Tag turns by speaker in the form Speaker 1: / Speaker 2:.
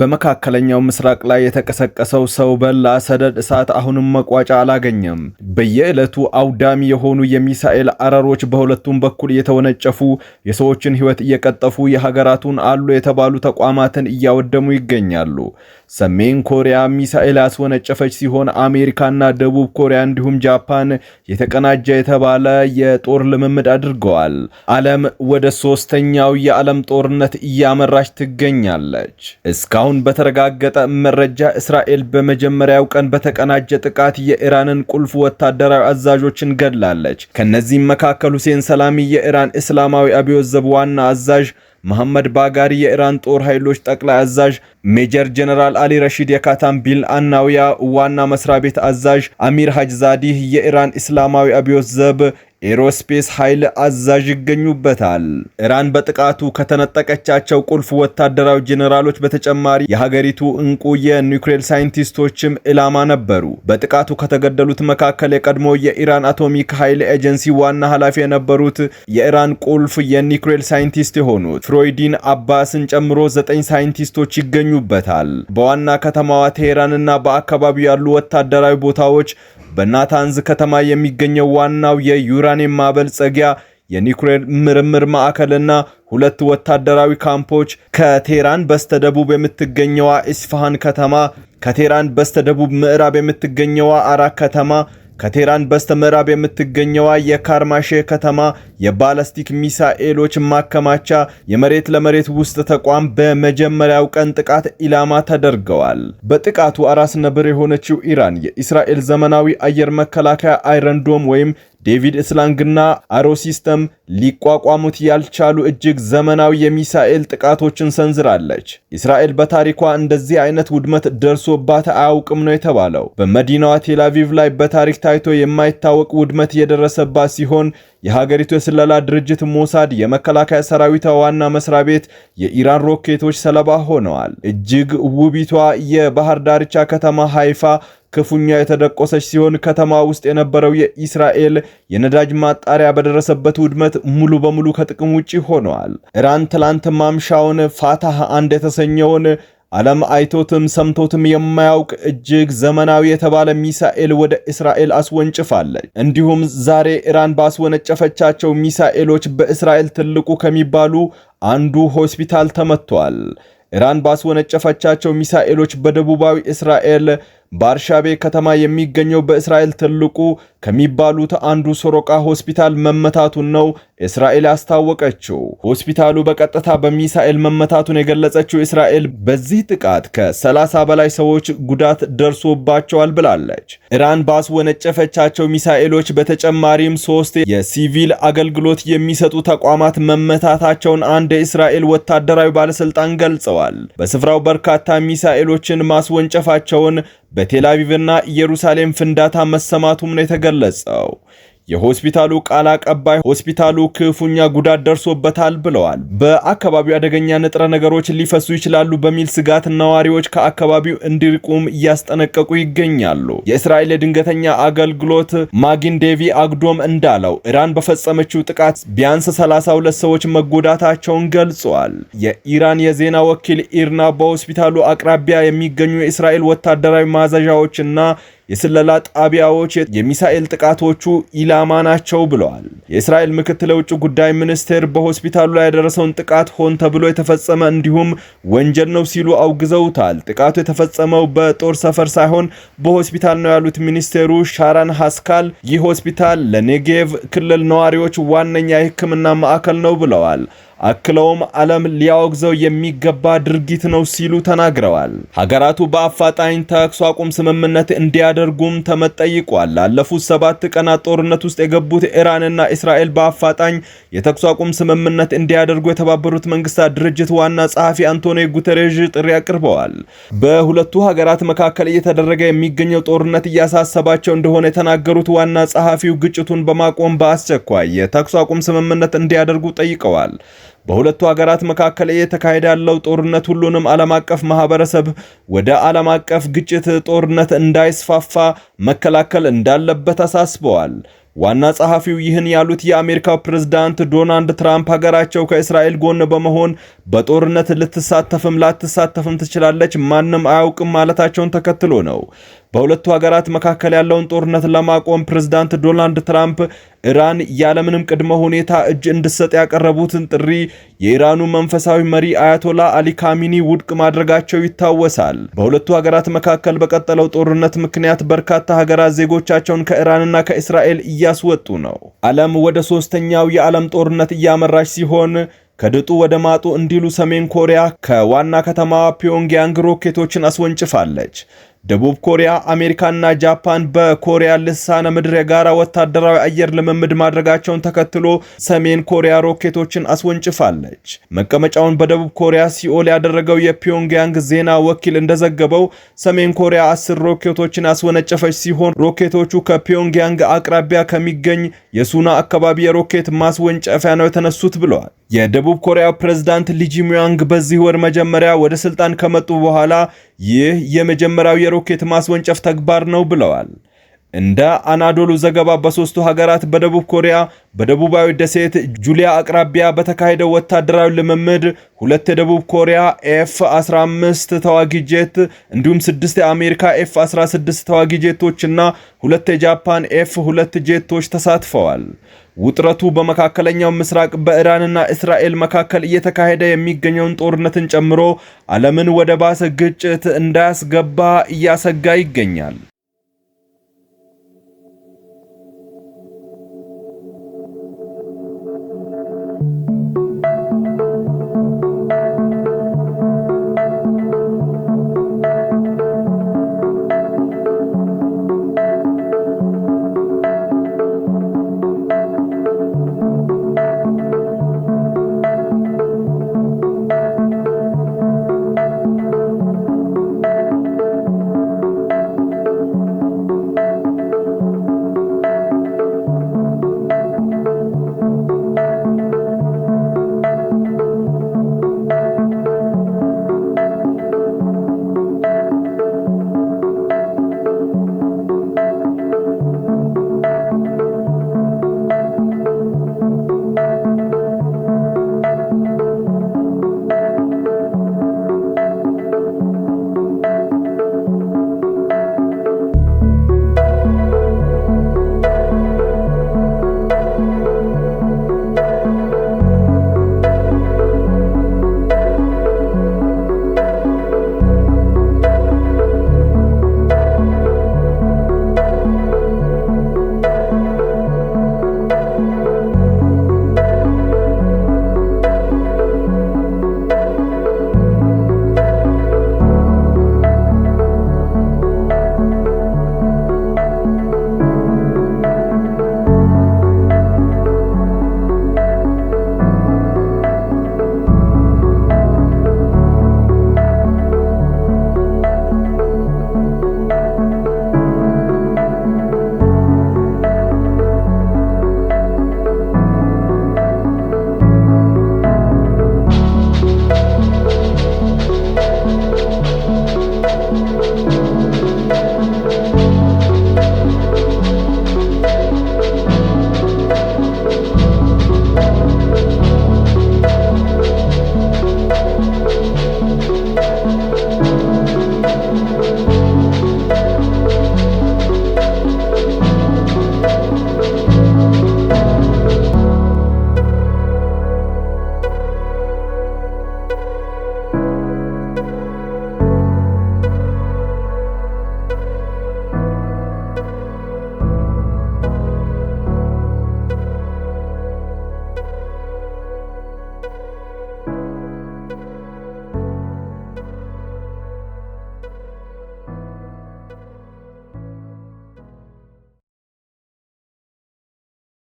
Speaker 1: በመካከለኛው ምስራቅ ላይ የተቀሰቀሰው ሰው በላ ሰደድ እሳት አሁንም መቋጫ አላገኘም። በየዕለቱ አውዳሚ የሆኑ የሚሳኤል አረሮች በሁለቱም በኩል እየተወነጨፉ የሰዎችን ሕይወት እየቀጠፉ የሀገራቱን አሉ የተባሉ ተቋማትን እያወደሙ ይገኛሉ። ሰሜን ኮሪያ ሚሳኤል ያስወነጨፈች ሲሆን አሜሪካና ደቡብ ኮሪያ እንዲሁም ጃፓን የተቀናጀ የተባለ የጦር ልምምድ አድርገዋል። ዓለም ወደ ሶስተኛው የዓለም ጦርነት እያመራች ትገኛለች። እስካሁን በተረጋገጠ መረጃ እስራኤል በመጀመሪያው ቀን በተቀናጀ ጥቃት የኢራንን ቁልፍ ወታደራዊ አዛዦችን ገድላለች። ከነዚህም መካከል ሁሴን ሰላሚ የኢራን እስላማዊ አብዮት ዘብ ዋና አዛዥ መሐመድ ባጋሪ የኢራን ጦር ኃይሎች ጠቅላይ አዛዥ ሜጀር ጀነራል አሊ ረሺድ የካታም ቢል አናውያ ዋና መስሪያ ቤት አዛዥ አሚር ሀጅዛዲህ የኢራን እስላማዊ አብዮት ዘብ ኤሮስፔስ ኃይል አዛዥ ይገኙበታል። ኢራን በጥቃቱ ከተነጠቀቻቸው ቁልፍ ወታደራዊ ጄኔራሎች በተጨማሪ የሀገሪቱ እንቁ የኒውክሌር ሳይንቲስቶችም ኢላማ ነበሩ። በጥቃቱ ከተገደሉት መካከል የቀድሞ የኢራን አቶሚክ ኃይል ኤጀንሲ ዋና ኃላፊ የነበሩት የኢራን ቁልፍ የኒውክሌር ሳይንቲስት የሆኑት ፍሮይዲን አባስን ጨምሮ ዘጠኝ ሳይንቲስቶች ይገኙበታል። በዋና ከተማዋ ቴሄራንና በአካባቢው ያሉ ወታደራዊ ቦታዎች በናታንዝ ከተማ የሚገኘው ዋናው የዩራ የዩራኒየም ማበልጸጊያ የኒኩሌር ምርምር ማዕከልና ሁለት ወታደራዊ ካምፖች ከቴራን በስተደቡብ የምትገኘዋ ኢስፋሃን ከተማ፣ ከቴራን በስተደቡብ ምዕራብ የምትገኘዋ አራክ ከተማ፣ ከቴራን በስተ ምዕራብ የምትገኘዋ የካርማሼ ከተማ የባላስቲክ ሚሳኤሎች ማከማቻ የመሬት ለመሬት ውስጥ ተቋም በመጀመሪያው ቀን ጥቃት ኢላማ ተደርገዋል። በጥቃቱ አራስ ነብር የሆነችው ኢራን የእስራኤል ዘመናዊ አየር መከላከያ አይረንዶም ወይም ዴቪድ እስላንግና አሮ ሲስተም ሊቋቋሙት ያልቻሉ እጅግ ዘመናዊ የሚሳኤል ጥቃቶችን ሰንዝራለች። እስራኤል በታሪኳ እንደዚህ አይነት ውድመት ደርሶባት አያውቅም ነው የተባለው። በመዲናዋ ቴላቪቭ ላይ በታሪክ ታይቶ የማይታወቅ ውድመት የደረሰባት ሲሆን የሀገሪቱ የስለላ ድርጅት ሞሳድ፣ የመከላከያ ሰራዊቷ ዋና መስሪያ ቤት የኢራን ሮኬቶች ሰለባ ሆነዋል። እጅግ ውቢቷ የባህር ዳርቻ ከተማ ሃይፋ ክፉኛ የተደቆሰች ሲሆን ከተማ ውስጥ የነበረው የኢስራኤል የነዳጅ ማጣሪያ በደረሰበት ውድመት ሙሉ በሙሉ ከጥቅም ውጪ ሆነዋል። ኢራን ትላንት ማምሻውን ፋታህ አንድ የተሰኘውን ዓለም አይቶትም ሰምቶትም የማያውቅ እጅግ ዘመናዊ የተባለ ሚሳኤል ወደ እስራኤል አስወንጭፋለች። እንዲሁም ዛሬ ኢራን ባስወነጨፈቻቸው ሚሳኤሎች በእስራኤል ትልቁ ከሚባሉ አንዱ ሆስፒታል ተመቷል። ኢራን ባስወነጨፈቻቸው ሚሳኤሎች በደቡባዊ እስራኤል በአርሻቤ ከተማ የሚገኘው በእስራኤል ትልቁ ከሚባሉት አንዱ ሶሮቃ ሆስፒታል መመታቱን ነው እስራኤል አስታወቀችው። ሆስፒታሉ በቀጥታ በሚሳኤል መመታቱን የገለጸችው እስራኤል በዚህ ጥቃት ከ30 በላይ ሰዎች ጉዳት ደርሶባቸዋል ብላለች። ኢራን ባስወነጨፈቻቸው ሚሳኤሎች በተጨማሪም ሶስት የሲቪል አገልግሎት የሚሰጡ ተቋማት መመታታቸውን አንድ የእስራኤል ወታደራዊ ባለስልጣን ገልጸዋል። በስፍራው በርካታ ሚሳኤሎችን ማስወንጨፋቸውን በቴላቪቭና ኢየሩሳሌም ፍንዳታ መሰማቱም ነው የተገለጸው። የሆስፒታሉ ቃል አቀባይ ሆስፒታሉ ክፉኛ ጉዳት ደርሶበታል ብለዋል። በአካባቢው አደገኛ ንጥረ ነገሮች ሊፈሱ ይችላሉ በሚል ስጋት ነዋሪዎች ከአካባቢው እንዲርቁም እያስጠነቀቁ ይገኛሉ። የእስራኤል የድንገተኛ አገልግሎት ማጊን ዴቪ አግዶም እንዳለው ኢራን በፈጸመችው ጥቃት ቢያንስ 32 ሰዎች መጎዳታቸውን ገልጿል። የኢራን የዜና ወኪል ኢርና በሆስፒታሉ አቅራቢያ የሚገኙ የእስራኤል ወታደራዊ ማዘዣዎችና የስለላ ጣቢያዎች የሚሳኤል ጥቃቶቹ ኢላ ኢላማ ናቸው ብለዋል። የእስራኤል ምክትል የውጭ ጉዳይ ሚኒስቴር በሆስፒታሉ ላይ የደረሰውን ጥቃት ሆን ተብሎ የተፈጸመ እንዲሁም ወንጀል ነው ሲሉ አውግዘውታል። ጥቃቱ የተፈጸመው በጦር ሰፈር ሳይሆን በሆስፒታል ነው ያሉት ሚኒስቴሩ ሻራን ሀስካል ይህ ሆስፒታል ለኔጌቭ ክልል ነዋሪዎች ዋነኛ የሕክምና ማዕከል ነው ብለዋል። አክለውም ዓለም ሊያወግዘው የሚገባ ድርጊት ነው ሲሉ ተናግረዋል። ሀገራቱ በአፋጣኝ ተኩስ አቁም ስምምነት እንዲያደርጉም ተመጠይቋል። አለፉት ላለፉት ሰባት ቀናት ጦርነት ውስጥ የገቡት ኢራንና እስራኤል በአፋጣኝ የተኩስ አቁም ስምምነት እንዲያደርጉ የተባበሩት መንግስታት ድርጅት ዋና ጸሐፊ አንቶኒ ጉተሬዥ ጥሪ አቅርበዋል። በሁለቱ ሀገራት መካከል እየተደረገ የሚገኘው ጦርነት እያሳሰባቸው እንደሆነ የተናገሩት ዋና ጸሐፊው ግጭቱን በማቆም በአስቸኳይ የተኩስ አቁም ስምምነት እንዲያደርጉ ጠይቀዋል። በሁለቱ ሀገራት መካከል እየተካሄደ ያለው ጦርነት ሁሉንም ዓለም አቀፍ ማህበረሰብ ወደ ዓለም አቀፍ ግጭት ጦርነት እንዳይስፋፋ መከላከል እንዳለበት አሳስበዋል። ዋና ጸሐፊው ይህን ያሉት የአሜሪካው ፕሬዝዳንት ዶናልድ ትራምፕ ሀገራቸው ከእስራኤል ጎን በመሆን በጦርነት ልትሳተፍም ላትሳተፍም ትችላለች፣ ማንም አያውቅም ማለታቸውን ተከትሎ ነው። በሁለቱ ሀገራት መካከል ያለውን ጦርነት ለማቆም ፕሬዝዳንት ዶናልድ ትራምፕ ኢራን ያለምንም ቅድመ ሁኔታ እጅ እንድሰጥ ያቀረቡትን ጥሪ የኢራኑ መንፈሳዊ መሪ አያቶላ አሊ ካሚኒ ውድቅ ማድረጋቸው ይታወሳል። በሁለቱ ሀገራት መካከል በቀጠለው ጦርነት ምክንያት በርካታ ሀገራት ዜጎቻቸውን ከኢራንና ከእስራኤል እያስወጡ ነው። ዓለም ወደ ሶስተኛው የዓለም ጦርነት እያመራች ሲሆን ከድጡ ወደ ማጡ እንዲሉ ሰሜን ኮሪያ ከዋና ከተማዋ ፒዮንግያንግ ሮኬቶችን አስወንጭፋለች። ደቡብ ኮሪያ፣ አሜሪካና ጃፓን በኮሪያ ልሳነ ምድር የጋራ ወታደራዊ አየር ልምምድ ማድረጋቸውን ተከትሎ ሰሜን ኮሪያ ሮኬቶችን አስወንጭፋለች። መቀመጫውን በደቡብ ኮሪያ ሲኦል ያደረገው የፒዮንግያንግ ዜና ወኪል እንደዘገበው ሰሜን ኮሪያ አስር ሮኬቶችን ያስወነጨፈች ሲሆን ሮኬቶቹ ከፒዮንግያንግ አቅራቢያ ከሚገኝ የሱና አካባቢ የሮኬት ማስወንጨፊያ ነው የተነሱት ብለዋል። የደቡብ ኮሪያ ፕሬዝዳንት ሊጂሚያንግ በዚህ ወር መጀመሪያ ወደ ስልጣን ከመጡ በኋላ ይህ የመጀመሪያው የሮኬት ማስወንጨፍ ተግባር ነው ብለዋል። እንደ አናዶሉ ዘገባ በሦስቱ ሀገራት በደቡብ ኮሪያ በደቡባዊ ደሴት ጁሊያ አቅራቢያ በተካሄደው ወታደራዊ ልምምድ ሁለት የደቡብ ኮሪያ ኤፍ 15 ተዋጊ ጄት እንዲሁም ስድስት የአሜሪካ ኤፍ 16 ተዋጊ ጄቶች እና ሁለት የጃፓን ኤፍ ሁለት ጄቶች ተሳትፈዋል። ውጥረቱ በመካከለኛው ምስራቅ በኢራንና እስራኤል መካከል እየተካሄደ የሚገኘውን ጦርነትን ጨምሮ ዓለምን ወደ ባሰ ግጭት እንዳያስገባ እያሰጋ ይገኛል።